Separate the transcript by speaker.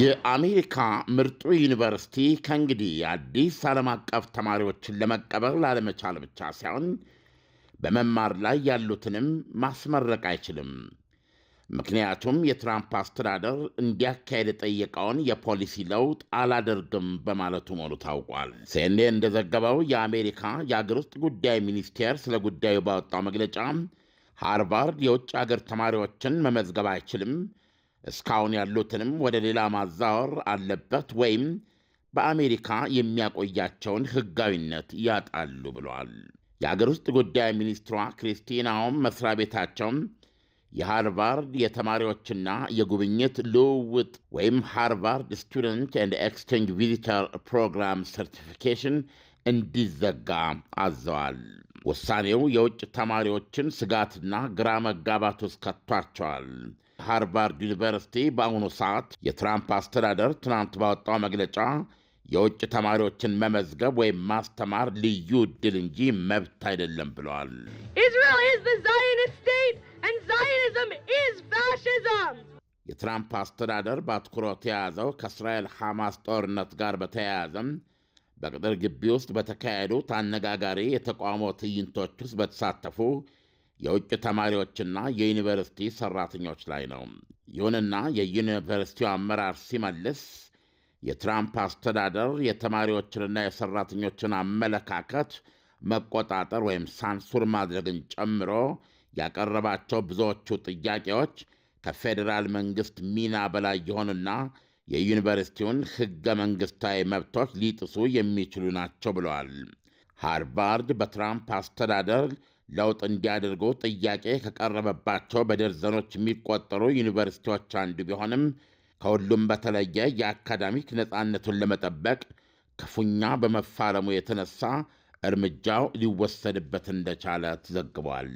Speaker 1: የአሜሪካ ምርጡ ዩኒቨርሲቲ ከእንግዲህ አዲስ ዓለም አቀፍ ተማሪዎችን ለመቀበል ላለመቻል ብቻ ሳይሆን በመማር ላይ ያሉትንም ማስመረቅ አይችልም። ምክንያቱም የትራምፕ አስተዳደር እንዲያካሄድ የጠየቀውን የፖሊሲ ለውጥ አላደርግም በማለቱ መሆኑ ታውቋል። ሲኤንኤን እንደዘገበው የአሜሪካ የአገር ውስጥ ጉዳይ ሚኒስቴር ስለ ጉዳዩ ባወጣው መግለጫ ሃርቫርድ የውጭ አገር ተማሪዎችን መመዝገብ አይችልም እስካሁን ያሉትንም ወደ ሌላ ማዛወር አለበት ወይም በአሜሪካ የሚያቆያቸውን ሕጋዊነት ያጣሉ ብለዋል። የአገር ውስጥ ጉዳይ ሚኒስትሯ ክሪስቲናውም መስሪያ ቤታቸውም የሃርቫርድ የተማሪዎችና የጉብኝት ልውውጥ ወይም ሃርቫርድ ስቱደንት ኤንድ ኤክስቼንጅ ቪዚተር ፕሮግራም ሰርቲፊኬሽን እንዲዘጋ አዘዋል። ውሳኔው የውጭ ተማሪዎችን ስጋትና ግራ መጋባት ውስጥ ከቷቸዋል። ሃርቫርድ ዩኒቨርሲቲ በአሁኑ ሰዓት የትራምፕ አስተዳደር ትናንት ባወጣው መግለጫ የውጭ ተማሪዎችን መመዝገብ ወይም ማስተማር ልዩ ዕድል እንጂ መብት አይደለም ብለዋል። የትራምፕ አስተዳደር በአትኩሮት የያዘው ከእስራኤል ሐማስ ጦርነት ጋር በተያያዘም በቅጥር ግቢ ውስጥ በተካሄዱት አነጋጋሪ የተቃውሞ ትዕይንቶች ውስጥ በተሳተፉ የውጭ ተማሪዎችና የዩኒቨርሲቲ ሰራተኞች ላይ ነው። ይሁንና የዩኒቨርሲቲው አመራር ሲመልስ የትራምፕ አስተዳደር የተማሪዎችንና የሰራተኞችን አመለካከት መቆጣጠር ወይም ሳንሱር ማድረግን ጨምሮ ያቀረባቸው ብዙዎቹ ጥያቄዎች ከፌዴራል መንግሥት ሚና በላይ የሆኑና የዩኒቨርሲቲውን ሕገ መንግሥታዊ መብቶች ሊጥሱ የሚችሉ ናቸው ብለዋል። ሃርቫርድ በትራምፕ አስተዳደር ለውጥ እንዲያደርጉ ጥያቄ ከቀረበባቸው በደርዘኖች የሚቆጠሩ ዩኒቨርሲቲዎች አንዱ ቢሆንም ከሁሉም በተለየ የአካዳሚክ ነፃነቱን ለመጠበቅ ክፉኛ በመፋረሙ የተነሳ እርምጃው ሊወሰድበት እንደቻለ ተዘግቧል።